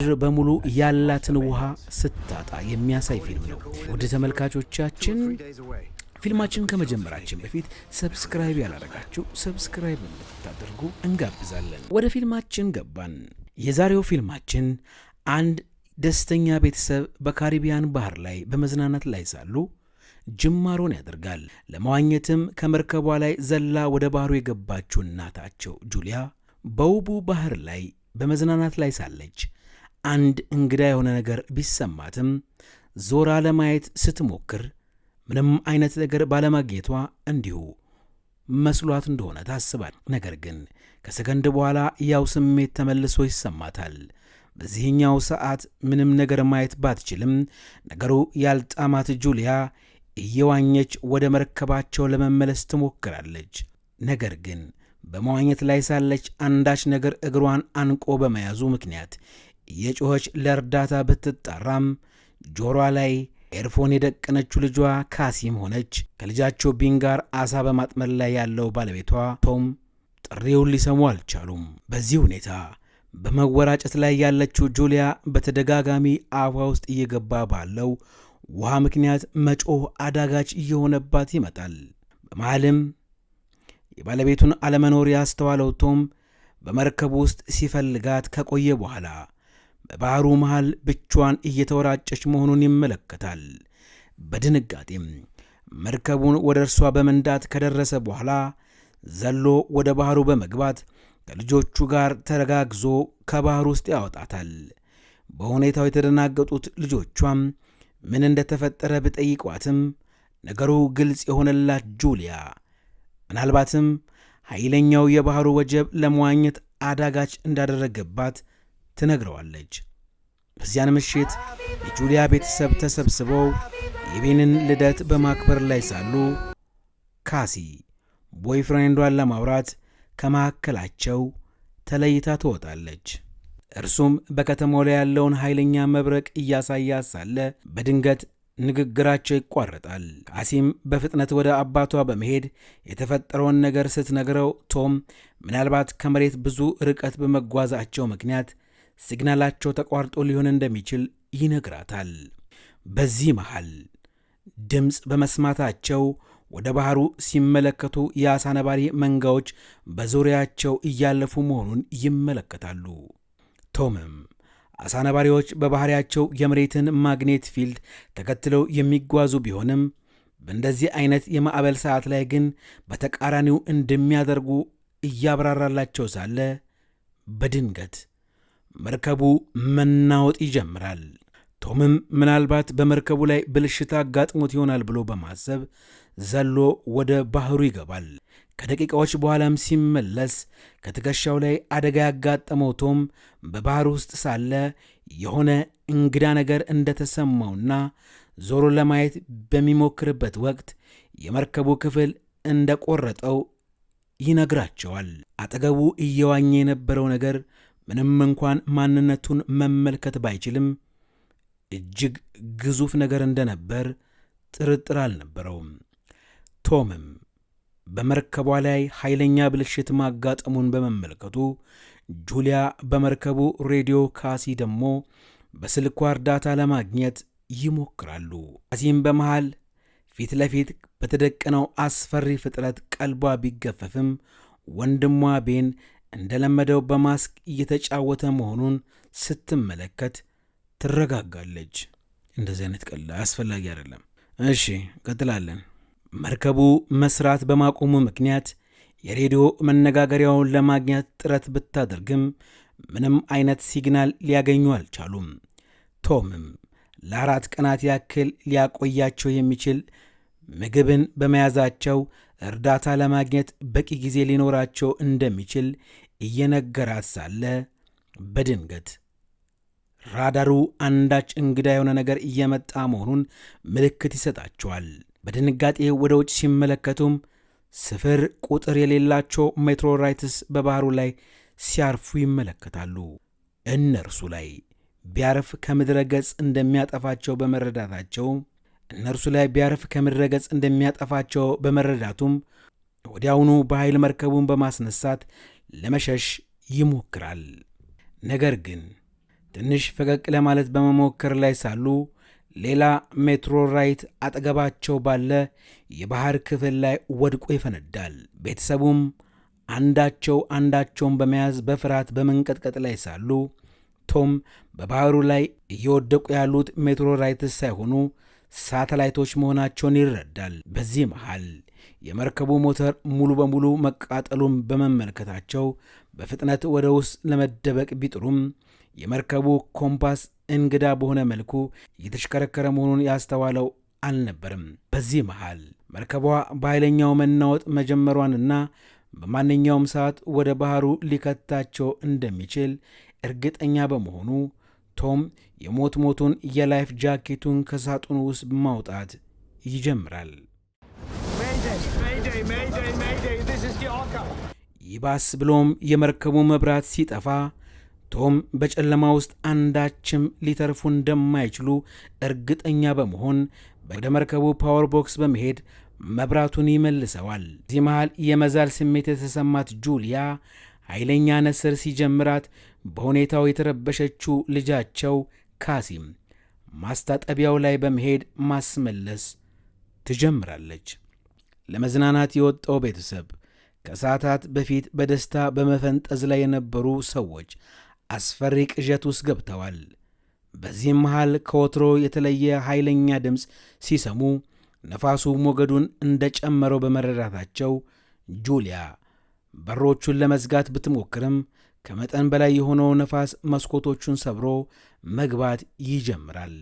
ምድር በሙሉ ያላትን ውሃ ስታጣ የሚያሳይ ፊልም ነው። ውድ ተመልካቾቻችን ፊልማችን ከመጀመራችን በፊት ሰብስክራይብ ያላረጋችሁ ሰብስክራይብ እንድታደርጉ እንጋብዛለን። ወደ ፊልማችን ገባን። የዛሬው ፊልማችን አንድ ደስተኛ ቤተሰብ በካሪቢያን ባህር ላይ በመዝናናት ላይ ሳሉ ጅማሮን ያደርጋል። ለመዋኘትም ከመርከቧ ላይ ዘላ ወደ ባህሩ የገባችው እናታቸው ጁሊያ በውቡ ባህር ላይ በመዝናናት ላይ ሳለች አንድ እንግዳ የሆነ ነገር ቢሰማትም ዞራ ለማየት ስትሞክር ምንም አይነት ነገር ባለማግኘቷ እንዲሁ መስሏት እንደሆነ ታስባል። ነገር ግን ከሰከንድ በኋላ ያው ስሜት ተመልሶ ይሰማታል። በዚህኛው ሰዓት ምንም ነገር ማየት ባትችልም ነገሩ ያልጣማት ጁሊያ እየዋኘች ወደ መርከባቸው ለመመለስ ትሞክራለች። ነገር ግን በመዋኘት ላይ ሳለች አንዳች ነገር እግሯን አንቆ በመያዙ ምክንያት የጮኸች ለእርዳታ ብትጠራም፣ ጆሯ ላይ ኤርፎን የደቀነችው ልጇ ካሲም ሆነች። ከልጃቸው ቢን ጋር አሳ በማጥመድ ላይ ያለው ባለቤቷ ቶም ጥሪውን ሊሰሙ አልቻሉም። በዚህ ሁኔታ በመወራጨት ላይ ያለችው ጁሊያ በተደጋጋሚ አፏ ውስጥ እየገባ ባለው ውሃ ምክንያት መጮህ አዳጋች እየሆነባት ይመጣል። በመሃልም የባለቤቱን አለመኖር ያስተዋለው ቶም በመርከቡ ውስጥ ሲፈልጋት ከቆየ በኋላ በባሕሩ መሃል ብቿን እየተወራጨች መሆኑን ይመለከታል። በድንጋጤም መርከቡን ወደ እርሷ በመንዳት ከደረሰ በኋላ ዘሎ ወደ ባሕሩ በመግባት ከልጆቹ ጋር ተረጋግዞ ከባሕር ውስጥ ያወጣታል። በሁኔታው የተደናገጡት ልጆቿም ምን እንደተፈጠረ ብጠይቋትም ነገሩ ግልጽ የሆነላት ጁሊያ ምናልባትም ኃይለኛው የባሕሩ ወጀብ ለመዋኘት አዳጋች እንዳደረገባት ትነግረዋለች። በዚያን ምሽት የጁሊያ ቤተሰብ ተሰብስበው የቤንን ልደት በማክበር ላይ ሳሉ ካሲ ቦይፍሬንዷን ለማውራት ከመካከላቸው ተለይታ ትወጣለች። እርሱም በከተማው ላይ ያለውን ኃይለኛ መብረቅ እያሳያ ሳለ በድንገት ንግግራቸው ይቋረጣል። ካሲም በፍጥነት ወደ አባቷ በመሄድ የተፈጠረውን ነገር ስትነግረው ቶም ምናልባት ከመሬት ብዙ ርቀት በመጓዛቸው ምክንያት ሲግናላቸው ተቋርጦ ሊሆን እንደሚችል ይነግራታል። በዚህ መሃል ድምፅ በመስማታቸው ወደ ባህሩ ሲመለከቱ የአሳ ነባሪ መንጋዎች በዙሪያቸው እያለፉ መሆኑን ይመለከታሉ። ቶምም አሳ ነባሪዎች በባህሪያቸው የመሬትን ማግኔት ፊልድ ተከትለው የሚጓዙ ቢሆንም በእንደዚህ አይነት የማዕበል ሰዓት ላይ ግን በተቃራኒው እንደሚያደርጉ እያብራራላቸው ሳለ በድንገት መርከቡ መናወጥ ይጀምራል። ቶምም ምናልባት በመርከቡ ላይ ብልሽታ አጋጥሞት ይሆናል ብሎ በማሰብ ዘሎ ወደ ባህሩ ይገባል። ከደቂቃዎች በኋላም ሲመለስ ከትከሻው ላይ አደጋ ያጋጠመው ቶም በባህር ውስጥ ሳለ የሆነ እንግዳ ነገር እንደተሰማውና ዞሮ ለማየት በሚሞክርበት ወቅት የመርከቡ ክፍል እንደቆረጠው ይነግራቸዋል። አጠገቡ እየዋኘ የነበረው ነገር ምንም እንኳን ማንነቱን መመልከት ባይችልም እጅግ ግዙፍ ነገር እንደነበር ጥርጥር አልነበረውም። ቶምም በመርከቧ ላይ ኃይለኛ ብልሽት ማጋጠሙን በመመልከቱ ጁሊያ በመርከቡ ሬዲዮ፣ ካሲ ደግሞ በስልኳ እርዳታ ለማግኘት ይሞክራሉ። ካሲም በመሃል ፊት ለፊት በተደቀነው አስፈሪ ፍጥረት ቀልቧ ቢገፈፍም ወንድሟ ቤን እንደለመደው በማስክ እየተጫወተ መሆኑን ስትመለከት ትረጋጋለች። እንደዚህ አይነት ቀል አስፈላጊ አይደለም። እሺ ቀጥላለን። መርከቡ መስራት በማቆሙ ምክንያት የሬዲዮ መነጋገሪያውን ለማግኘት ጥረት ብታደርግም ምንም አይነት ሲግናል ሊያገኙ አልቻሉም። ቶምም ለአራት ቀናት ያክል ሊያቆያቸው የሚችል ምግብን በመያዛቸው እርዳታ ለማግኘት በቂ ጊዜ ሊኖራቸው እንደሚችል እየነገራት ሳለ በድንገት ራዳሩ አንዳች እንግዳ የሆነ ነገር እየመጣ መሆኑን ምልክት ይሰጣቸዋል። በድንጋጤ ወደ ውጭ ሲመለከቱም ስፍር ቁጥር የሌላቸው ሜትሮራይትስ በባህሩ ላይ ሲያርፉ ይመለከታሉ። እነርሱ ላይ ቢያርፍ ከምድረ ገጽ እንደሚያጠፋቸው በመረዳታቸው እነርሱ ላይ ቢያርፍ ከምድረ ገጽ እንደሚያጠፋቸው በመረዳቱም ወዲያውኑ በኃይል መርከቡን በማስነሳት ለመሸሽ ይሞክራል። ነገር ግን ትንሽ ፈቀቅ ለማለት በመሞከር ላይ ሳሉ ሌላ ሜትሮራይት አጠገባቸው ባለ የባህር ክፍል ላይ ወድቆ ይፈነዳል። ቤተሰቡም አንዳቸው አንዳቸውን በመያዝ በፍርሃት በመንቀጥቀጥ ላይ ሳሉ ቶም በባህሩ ላይ እየወደቁ ያሉት ሜትሮራይትስ ሳይሆኑ ሳተላይቶች መሆናቸውን ይረዳል። በዚህ መሃል የመርከቡ ሞተር ሙሉ በሙሉ መቃጠሉን በመመልከታቸው በፍጥነት ወደ ውስጥ ለመደበቅ ቢጥሩም የመርከቡ ኮምፓስ እንግዳ በሆነ መልኩ እየተሽከረከረ መሆኑን ያስተዋለው አልነበርም። በዚህ መሃል መርከቧ በኃይለኛው መናወጥ መጀመሯንና በማንኛውም ሰዓት ወደ ባህሩ ሊከታቸው እንደሚችል እርግጠኛ በመሆኑ ቶም የሞት ሞቱን የላይፍ ጃኬቱን ከሳጥኑ ውስጥ ማውጣት ይጀምራል። ይባስ ብሎም የመርከቡ መብራት ሲጠፋ ቶም በጨለማ ውስጥ አንዳችም ሊተርፉ እንደማይችሉ እርግጠኛ በመሆን ወደ መርከቡ ፓወር ቦክስ በመሄድ መብራቱን ይመልሰዋል። እዚህ መሃል የመዛል ስሜት የተሰማት ጁሊያ ኃይለኛ ነስር ሲጀምራት በሁኔታው የተረበሸችው ልጃቸው ካሲም ማስታጠቢያው ላይ በመሄድ ማስመለስ ትጀምራለች። ለመዝናናት የወጣው ቤተሰብ ከሰዓታት በፊት በደስታ በመፈንጠዝ ላይ የነበሩ ሰዎች አስፈሪ ቅዠት ውስጥ ገብተዋል። በዚህም መሃል ከወትሮ የተለየ ኃይለኛ ድምፅ ሲሰሙ ነፋሱ ሞገዱን እንደ ጨመረው በመረዳታቸው ጁሊያ በሮቹን ለመዝጋት ብትሞክርም ከመጠን በላይ የሆነው ነፋስ መስኮቶቹን ሰብሮ መግባት ይጀምራል።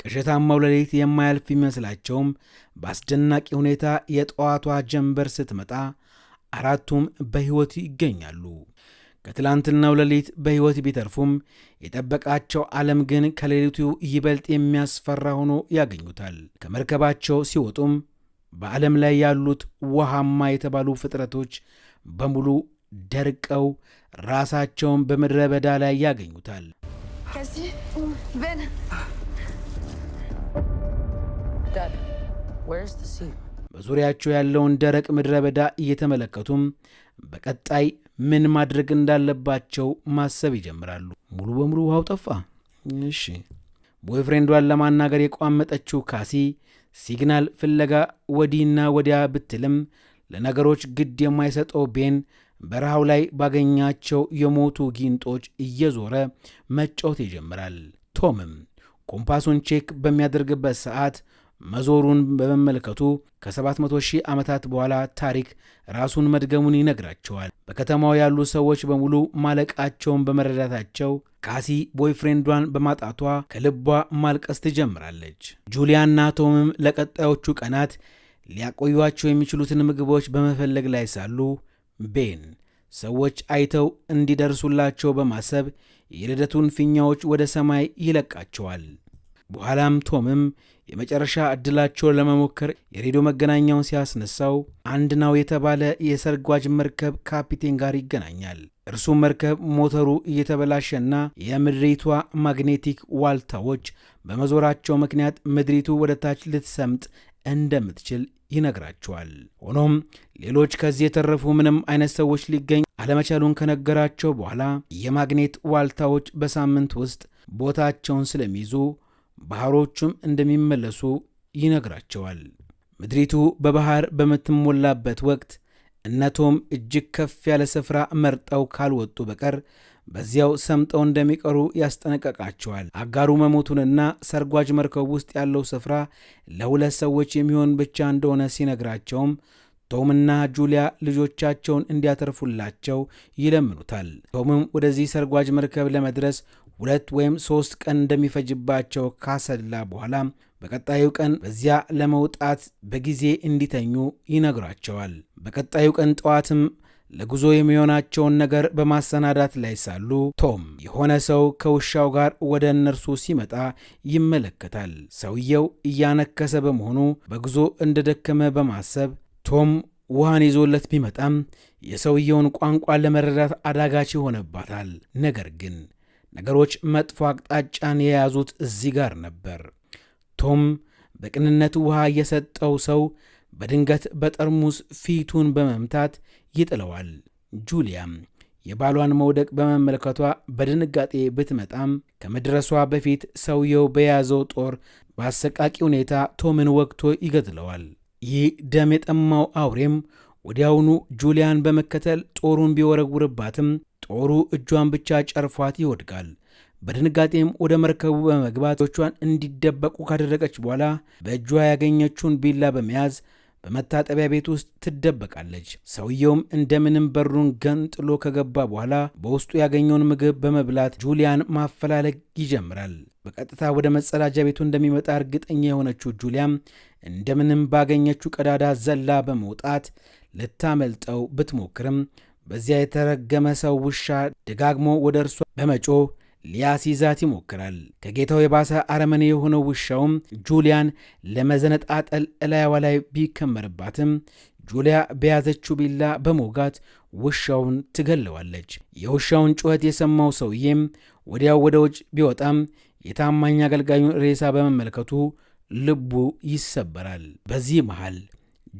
ቅዠታማው ሌሊት የማያልፍ ቢመስላቸውም በአስደናቂ ሁኔታ የጠዋቷ ጀንበር ስትመጣ አራቱም በሕይወት ይገኛሉ። ከትላንትናው ሌሊት በሕይወት ቢተርፉም የጠበቃቸው ዓለም ግን ከሌሊቱ ይበልጥ የሚያስፈራ ሆኖ ያገኙታል። ከመርከባቸው ሲወጡም በዓለም ላይ ያሉት ውሃማ የተባሉ ፍጥረቶች በሙሉ ደርቀው ራሳቸውን በምድረ በዳ ላይ ያገኙታል። በዙሪያቸው ያለውን ደረቅ ምድረ በዳ እየተመለከቱም በቀጣይ ምን ማድረግ እንዳለባቸው ማሰብ ይጀምራሉ። ሙሉ በሙሉ ውሃው ጠፋ። እሺ፣ ቦይፍሬንዷን ለማናገር የቋመጠችው ካሲ ሲግናል ፍለጋ ወዲህና ወዲያ ብትልም ለነገሮች ግድ የማይሰጠው ቤን በረሃው ላይ ባገኛቸው የሞቱ ጊንጦች እየዞረ መጫወት ይጀምራል። ቶምም ኮምፓሱን ቼክ በሚያደርግበት ሰዓት መዞሩን በመመልከቱ ከ700 ሺህ ዓመታት በኋላ ታሪክ ራሱን መድገሙን ይነግራቸዋል። በከተማው ያሉ ሰዎች በሙሉ ማለቃቸውን በመረዳታቸው ካሲ ቦይፍሬንዷን በማጣቷ ከልቧ ማልቀስ ትጀምራለች። ጁሊያና ቶምም ለቀጣዮቹ ቀናት ሊያቆዩቸው የሚችሉትን ምግቦች በመፈለግ ላይ ሳሉ ቤን ሰዎች አይተው እንዲደርሱላቸው በማሰብ የልደቱን ፊኛዎች ወደ ሰማይ ይለቃቸዋል። በኋላም ቶምም የመጨረሻ ዕድላቸውን ለመሞከር የሬዲዮ መገናኛውን ሲያስነሳው አንድ ናው የተባለ የሰርጓጅ መርከብ ካፒቴን ጋር ይገናኛል። እርሱም መርከብ ሞተሩ እየተበላሸና የምድሪቷ ማግኔቲክ ዋልታዎች በመዞራቸው ምክንያት ምድሪቱ ወደ ታች ልትሰምጥ እንደምትችል ይነግራቸዋል። ሆኖም ሌሎች ከዚህ የተረፉ ምንም አይነት ሰዎች ሊገኝ አለመቻሉን ከነገራቸው በኋላ የማግኔት ዋልታዎች በሳምንት ውስጥ ቦታቸውን ስለሚይዙ ባህሮቹም እንደሚመለሱ ይነግራቸዋል። ምድሪቱ በባህር በምትሞላበት ወቅት እነቶም እጅግ ከፍ ያለ ስፍራ መርጠው ካልወጡ በቀር በዚያው ሰምጠው እንደሚቀሩ ያስጠነቀቃቸዋል። አጋሩ መሞቱንና ሰርጓጅ መርከብ ውስጥ ያለው ስፍራ ለሁለት ሰዎች የሚሆን ብቻ እንደሆነ ሲነግራቸውም ቶምና ጁሊያ ልጆቻቸውን እንዲያተርፉላቸው ይለምኑታል። ቶምም ወደዚህ ሰርጓጅ መርከብ ለመድረስ ሁለት ወይም ሶስት ቀን እንደሚፈጅባቸው ካሰላ በኋላ በቀጣዩ ቀን በዚያ ለመውጣት በጊዜ እንዲተኙ ይነግሯቸዋል። በቀጣዩ ቀን ጠዋትም ለጉዞ የሚሆናቸውን ነገር በማሰናዳት ላይ ሳሉ ቶም የሆነ ሰው ከውሻው ጋር ወደ እነርሱ ሲመጣ ይመለከታል። ሰውየው እያነከሰ በመሆኑ በጉዞ እንደደከመ በማሰብ ቶም ውሃን ይዞለት ቢመጣም የሰውየውን ቋንቋ ለመረዳት አዳጋች ይሆነባታል። ነገር ግን ነገሮች መጥፎ አቅጣጫን የያዙት እዚህ ጋር ነበር። ቶም በቅንነት ውሃ የሰጠው ሰው በድንገት በጠርሙስ ፊቱን በመምታት ይጥለዋል። ጁሊያም የባሏን መውደቅ በመመልከቷ በድንጋጤ ብትመጣም ከመድረሷ በፊት ሰውየው በያዘው ጦር በአሰቃቂ ሁኔታ ቶምን ወግቶ ይገድለዋል። ይህ ደም የጠማው አውሬም ወዲያውኑ ጁሊያን በመከተል ጦሩን ቢወረውርባትም ጦሩ እጇን ብቻ ጨርፏት ይወድቃል። በድንጋጤም ወደ መርከቡ በመግባት ቶቿን እንዲደበቁ ካደረገች በኋላ በእጇ ያገኘችውን ቢላ በመያዝ በመታጠቢያ ቤት ውስጥ ትደበቃለች። ሰውየውም እንደምንም በሩን ገንጥሎ ከገባ በኋላ በውስጡ ያገኘውን ምግብ በመብላት ጁሊያን ማፈላለግ ይጀምራል። በቀጥታ ወደ መጸዳጃ ቤቱ እንደሚመጣ እርግጠኛ የሆነችው ጁሊያም እንደምንም ባገኘችው ቀዳዳ ዘላ በመውጣት ልታመልጠው ብትሞክርም በዚያ የተረገመ ሰው ውሻ ደጋግሞ ወደ እርሷ በመጮህ ሊያስይዛት ይሞክራል። ከጌታው የባሰ አረመኔ የሆነው ውሻውም ጁሊያን ለመዘነጣጠል እላያዋ ላይ ቢከመርባትም ጁሊያ በያዘችው ቢላ በመውጋት ውሻውን ትገለዋለች። የውሻውን ጩኸት የሰማው ሰውዬም ወዲያው ወደ ውጭ ቢወጣም የታማኝ አገልጋዩን ሬሳ በመመልከቱ ልቡ ይሰበራል። በዚህ መሃል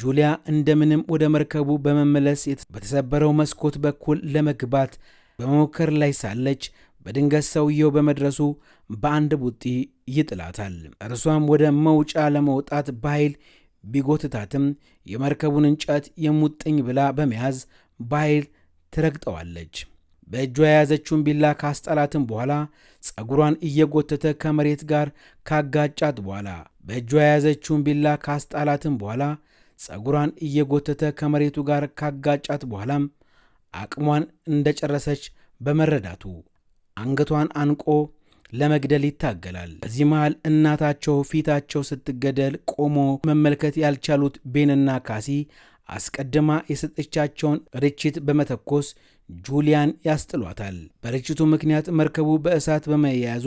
ጁሊያ እንደምንም ወደ መርከቡ በመመለስ በተሰበረው መስኮት በኩል ለመግባት በመሞከር ላይ ሳለች በድንገት ሰውየው በመድረሱ በአንድ ቡጢ ይጥላታል። እርሷም ወደ መውጫ ለመውጣት በኃይል ቢጎትታትም የመርከቡን እንጨት የሙጥኝ ብላ በመያዝ በኃይል ትረግጠዋለች። በእጇ የያዘችውን ቢላ ካስጠላትም በኋላ ፀጉሯን እየጎተተ ከመሬት ጋር ካጋጫት በኋላ በእጇ የያዘችውን ቢላ ካስጣላትም በኋላ ፀጉሯን እየጎተተ ከመሬቱ ጋር ካጋጫት በኋላም አቅሟን እንደጨረሰች በመረዳቱ አንገቷን አንቆ ለመግደል ይታገላል። በዚህ መሃል እናታቸው ፊታቸው ስትገደል ቆሞ መመልከት ያልቻሉት ቤንና ካሲ አስቀድማ የሰጠቻቸውን ርችት በመተኮስ ጁሊያን ያስጥሏታል። በርችቱ ምክንያት መርከቡ በእሳት በመያያዙ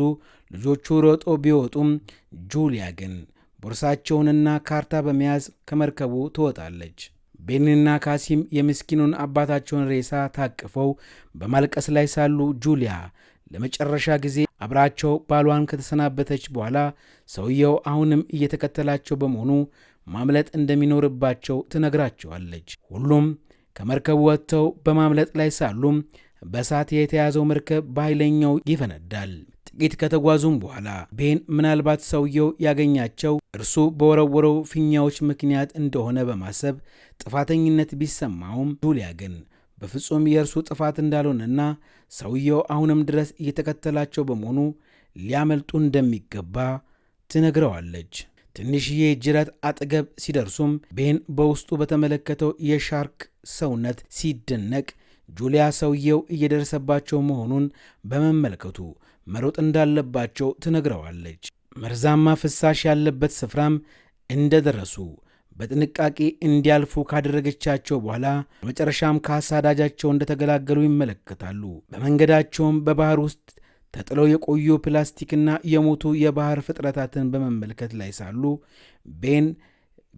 ልጆቹ ሮጦ ቢወጡም ጁሊያ ግን ቦርሳቸውንና ካርታ በመያዝ ከመርከቡ ትወጣለች። ቤንና ካሲም የምስኪኑን አባታቸውን ሬሳ ታቅፈው በማልቀስ ላይ ሳሉ ጁሊያ ለመጨረሻ ጊዜ አብራቸው ባሏን ከተሰናበተች በኋላ ሰውየው አሁንም እየተከተላቸው በመሆኑ ማምለጥ እንደሚኖርባቸው ትነግራቸዋለች። ሁሉም ከመርከቡ ወጥተው በማምለጥ ላይ ሳሉም በእሳት የተያዘው መርከብ በኃይለኛው ይፈነዳል። ጥቂት ከተጓዙም በኋላ ቤን ምናልባት ሰውየው ያገኛቸው እርሱ በወረወረው ፊኛዎች ምክንያት እንደሆነ በማሰብ ጥፋተኝነት ቢሰማውም ጁሊያ ግን በፍጹም የእርሱ ጥፋት እንዳልሆነና ሰውየው አሁንም ድረስ እየተከተላቸው በመሆኑ ሊያመልጡ እንደሚገባ ትነግረዋለች። ትንሽዬ ጅረት አጠገብ ሲደርሱም ቤን በውስጡ በተመለከተው የሻርክ ሰውነት ሲደነቅ ጁሊያ ሰውየው እየደረሰባቸው መሆኑን በመመልከቱ መሮጥ እንዳለባቸው ትነግረዋለች። መርዛማ ፍሳሽ ያለበት ስፍራም እንደደረሱ በጥንቃቄ እንዲያልፉ ካደረገቻቸው በኋላ በመጨረሻም ከአሳዳጃቸው እንደተገላገሉ ይመለከታሉ። በመንገዳቸውም በባህር ውስጥ ተጥለው የቆዩ ፕላስቲክና የሞቱ የባህር ፍጥረታትን በመመልከት ላይ ሳሉ ቤን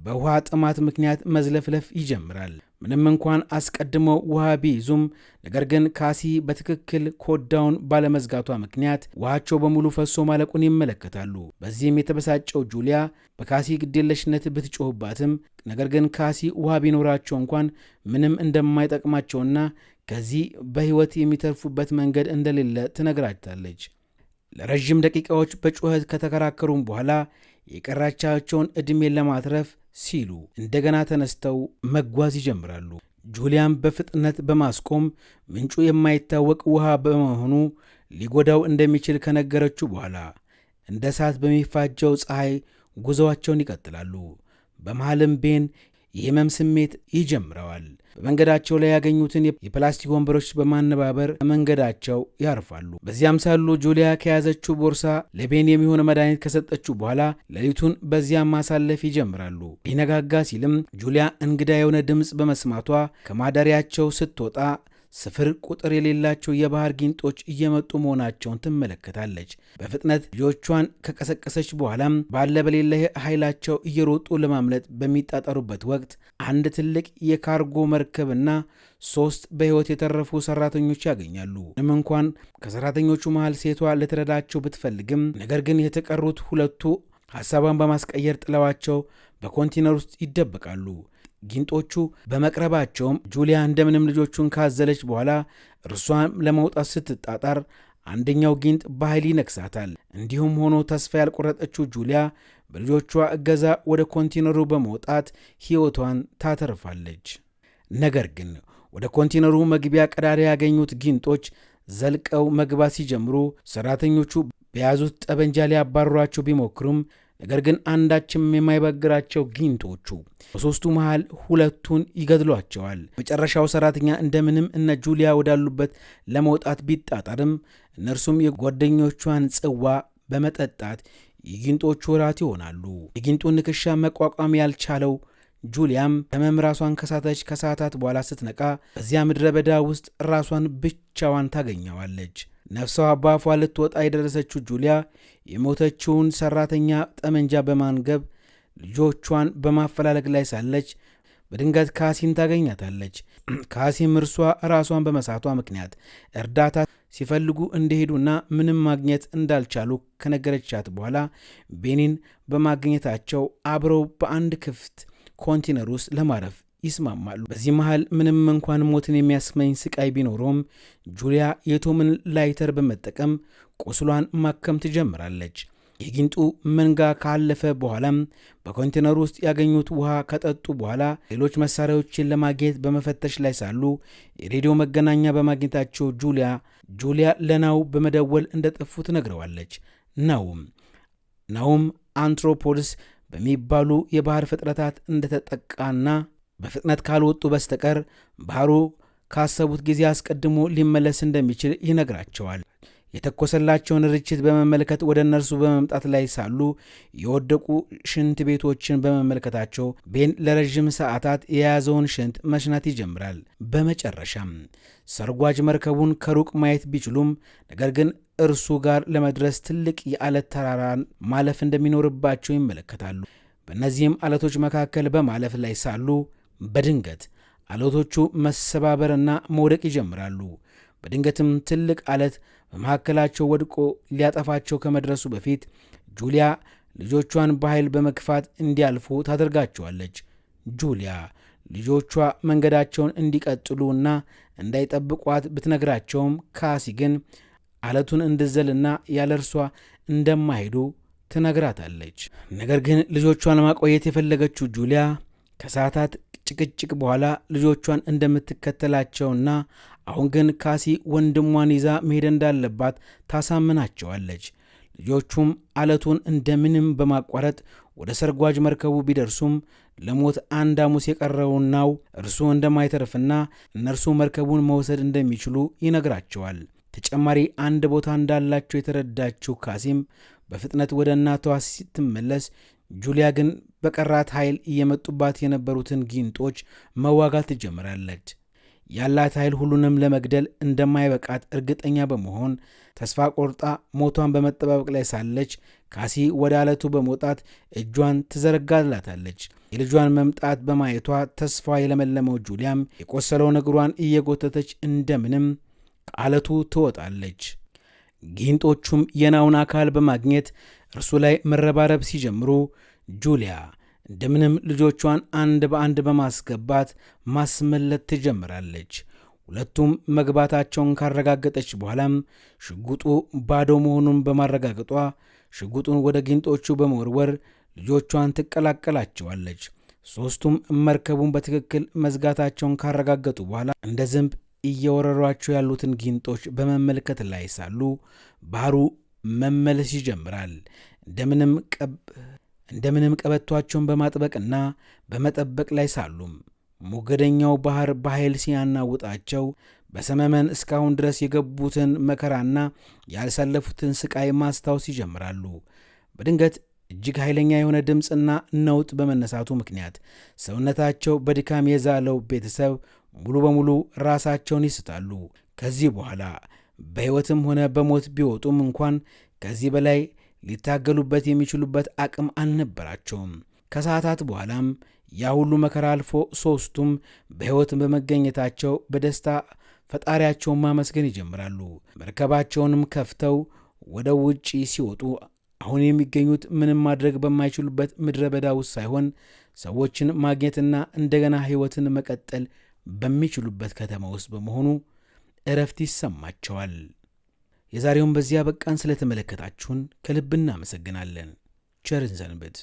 በውሃ ጥማት ምክንያት መዝለፍለፍ ይጀምራል። ምንም እንኳን አስቀድመው ውሃ ቢይዙም ነገር ግን ካሲ በትክክል ኮዳውን ባለመዝጋቷ ምክንያት ውሃቸው በሙሉ ፈሶ ማለቁን ይመለከታሉ። በዚህም የተበሳጨው ጁሊያ በካሲ ግዴለሽነት ብትጮህባትም ነገር ግን ካሲ ውሃ ቢኖራቸው እንኳን ምንም እንደማይጠቅማቸውና ከዚህ በሕይወት የሚተርፉበት መንገድ እንደሌለ ትነግራታለች። ለረዥም ደቂቃዎች በጩኸት ከተከራከሩም በኋላ የቀራቻቸውን ዕድሜን ለማትረፍ ሲሉ እንደገና ተነስተው መጓዝ ይጀምራሉ። ጁሊያን በፍጥነት በማስቆም ምንጩ የማይታወቅ ውሃ በመሆኑ ሊጎዳው እንደሚችል ከነገረችው በኋላ እንደ እሳት በሚፋጀው ፀሐይ ጉዞዋቸውን ይቀጥላሉ። በመሃልም ቤን የህመም ስሜት ይጀምረዋል። በመንገዳቸው ላይ ያገኙትን የፕላስቲክ ወንበሮች በማነባበር መንገዳቸው ያርፋሉ። በዚያም ሳሉ ጁሊያ ከያዘችው ቦርሳ ለቤን የሚሆነ መድኃኒት ከሰጠችው በኋላ ሌሊቱን በዚያም ማሳለፍ ይጀምራሉ። ሊነጋጋ ሲልም ጁሊያ እንግዳ የሆነ ድምፅ በመስማቷ ከማደሪያቸው ስትወጣ ስፍር ቁጥር የሌላቸው የባህር ጊንጦች እየመጡ መሆናቸውን ትመለከታለች። በፍጥነት ልጆቿን ከቀሰቀሰች በኋላም ባለ በሌለ ኃይላቸው እየሮጡ ለማምለጥ በሚጣጠሩበት ወቅት አንድ ትልቅ የካርጎ መርከብና ሶስት በሕይወት የተረፉ ሰራተኞች ያገኛሉ። ምንም እንኳን ከሰራተኞቹ መሃል ሴቷ ልትረዳቸው ብትፈልግም፣ ነገር ግን የተቀሩት ሁለቱ ሐሳቧን በማስቀየር ጥለዋቸው በኮንቴነር ውስጥ ይደበቃሉ። ጊንጦቹ በመቅረባቸውም ጁሊያ እንደምንም ልጆቹን ካዘለች በኋላ እርሷን ለመውጣት ስትጣጣር አንደኛው ጊንጥ በኃይል ይነክሳታል። እንዲሁም ሆኖ ተስፋ ያልቆረጠችው ጁሊያ በልጆቿ እገዛ ወደ ኮንቴነሩ በመውጣት ሕይወቷን ታተርፋለች። ነገር ግን ወደ ኮንቴነሩ መግቢያ ቀዳዳ ያገኙት ጊንጦች ዘልቀው መግባት ሲጀምሩ ሰራተኞቹ በያዙት ጠበንጃ ሊያባረሯቸው ቢሞክሩም ነገር ግን አንዳችም የማይበግራቸው ጊንቶቹ በሦስቱ መሃል ሁለቱን ይገድሏቸዋል። መጨረሻው ሰራተኛ እንደምንም እነ ጁሊያ ወዳሉበት ለመውጣት ቢጣጣርም እነርሱም የጓደኞቿን ጽዋ በመጠጣት የጊንጦቹ ወራት ይሆናሉ። የጊንጡን ንክሻ መቋቋም ያልቻለው ጁሊያም ህመም ራሷን ከሳተች ከሰዓታት በኋላ ስትነቃ በዚያ ምድረ በዳ ውስጥ ራሷን ብቻዋን ታገኘዋለች። ነፍሷ በአፏ ልትወጣ የደረሰችው ጁሊያ የሞተችውን ሰራተኛ ጠመንጃ በማንገብ ልጆቿን በማፈላለግ ላይ ሳለች በድንገት ካሲን ታገኛታለች። ካሲም እርሷ ራሷን በመሳቷ ምክንያት እርዳታ ሲፈልጉ እንደሄዱና ምንም ማግኘት እንዳልቻሉ ከነገረቻት በኋላ ቤኒን በማግኘታቸው አብረው በአንድ ክፍት ኮንቴነር ውስጥ ለማረፍ ይስማማሉ። በዚህ መሃል ምንም እንኳን ሞትን የሚያስመኝ ስቃይ ቢኖረውም ጁሊያ የቶምን ላይተር በመጠቀም ቁስሏን ማከም ትጀምራለች። የጊንጡ መንጋ ካለፈ በኋላም በኮንቴነር ውስጥ ያገኙት ውሃ ከጠጡ በኋላ ሌሎች መሳሪያዎችን ለማግኘት በመፈተሽ ላይ ሳሉ የሬዲዮ መገናኛ በማግኘታቸው ጁሊያ ጁሊያ ለናው በመደወል እንደጠፉ ትነግረዋለች። ናውም ናውም አንትሮፖልስ በሚባሉ የባህር ፍጥረታት እንደተጠቃና በፍጥነት ካልወጡ በስተቀር ባህሩ ካሰቡት ጊዜ አስቀድሞ ሊመለስ እንደሚችል ይነግራቸዋል። የተኮሰላቸውን ርችት በመመልከት ወደ እነርሱ በመምጣት ላይ ሳሉ የወደቁ ሽንት ቤቶችን በመመልከታቸው ቤን ለረዥም ሰዓታት የያዘውን ሽንት መሽናት ይጀምራል። በመጨረሻም ሰርጓጅ መርከቡን ከሩቅ ማየት ቢችሉም ነገር ግን እርሱ ጋር ለመድረስ ትልቅ የዓለት ተራራን ማለፍ እንደሚኖርባቸው ይመለከታሉ። በእነዚህም ዓለቶች መካከል በማለፍ ላይ ሳሉ በድንገት ዓለቶቹ መሰባበርና መውደቅ ይጀምራሉ። በድንገትም ትልቅ አለት በመካከላቸው ወድቆ ሊያጠፋቸው ከመድረሱ በፊት ጁሊያ ልጆቿን በኃይል በመግፋት እንዲያልፉ ታደርጋቸዋለች። ጁሊያ ልጆቿ መንገዳቸውን እንዲቀጥሉ እና እንዳይጠብቋት ብትነግራቸውም ካሲ ግን አለቱን እንድዘልና ያለ እርሷ እንደማይሄዱ ትነግራታለች። ነገር ግን ልጆቿን ለማቆየት የፈለገችው ጁሊያ ከሰዓታት ጭቅጭቅ በኋላ ልጆቿን እንደምትከተላቸውና አሁን ግን ካሲ ወንድሟን ይዛ መሄድ እንዳለባት ታሳምናቸዋለች። ልጆቹም አለቱን እንደምንም በማቋረጥ ወደ ሰርጓጅ መርከቡ ቢደርሱም ለሞት አንድ አሙስ የቀረውን ናው እርሱ እንደማይተርፍና እነርሱ መርከቡን መውሰድ እንደሚችሉ ይነግራቸዋል። ተጨማሪ አንድ ቦታ እንዳላቸው የተረዳችው ካሲም በፍጥነት ወደ እናቷ ስትመለስ፣ ጁሊያ ግን በቀራት ኃይል እየመጡባት የነበሩትን ጊንጦች መዋጋት ትጀምራለች። ያላት ኃይል ሁሉንም ለመግደል እንደማይበቃት እርግጠኛ በመሆን ተስፋ ቆርጣ ሞቷን በመጠባበቅ ላይ ሳለች ካሲ ወደ አለቱ በመውጣት እጇን ትዘረጋላታለች። የልጇን መምጣት በማየቷ ተስፋ የለመለመው ጁሊያም የቆሰለው እግሯን እየጎተተች እንደምንም ከአለቱ ትወጣለች። ጊንጦቹም የናውን አካል በማግኘት እርሱ ላይ መረባረብ ሲጀምሩ ጁሊያ እንደምንም ልጆቿን አንድ በአንድ በማስገባት ማስመለት ትጀምራለች። ሁለቱም መግባታቸውን ካረጋገጠች በኋላም ሽጉጡ ባዶ መሆኑን በማረጋገጧ ሽጉጡን ወደ ጊንጦቹ በመወርወር ልጆቿን ትቀላቀላቸዋለች። ሦስቱም መርከቡን በትክክል መዝጋታቸውን ካረጋገጡ በኋላ እንደ ዝንብ እየወረሯቸው ያሉትን ጊንጦች በመመልከት ላይ ሳሉ ባህሩ መመለስ ይጀምራል። እንደምንም ቀብ እንደምንም ቀበቷቸውን በማጥበቅና በመጠበቅ ላይ ሳሉም ሞገደኛው ባህር በኃይል ሲያናውጣቸው በሰመመን እስካሁን ድረስ የገቡትን መከራና ያልሳለፉትን ስቃይ ማስታወስ ይጀምራሉ። በድንገት እጅግ ኃይለኛ የሆነ ድምፅና ነውጥ በመነሳቱ ምክንያት ሰውነታቸው በድካም የዛለው ቤተሰብ ሙሉ በሙሉ ራሳቸውን ይስታሉ። ከዚህ በኋላ በሕይወትም ሆነ በሞት ቢወጡም እንኳን ከዚህ በላይ ሊታገሉበት የሚችሉበት አቅም አልነበራቸውም። ከሰዓታት በኋላም ያ ሁሉ መከራ አልፎ ሦስቱም በሕይወት በመገኘታቸው በደስታ ፈጣሪያቸውን ማመስገን ይጀምራሉ። መርከባቸውንም ከፍተው ወደ ውጪ ሲወጡ አሁን የሚገኙት ምንም ማድረግ በማይችሉበት ምድረ በዳ ውስጥ ሳይሆን ሰዎችን ማግኘትና እንደገና ሕይወትን መቀጠል በሚችሉበት ከተማ ውስጥ በመሆኑ እረፍት ይሰማቸዋል። የዛሬውን በዚያ በቃን። ስለተመለከታችሁን ከልብ እናመሰግናለን። ቸርን ሰንብት።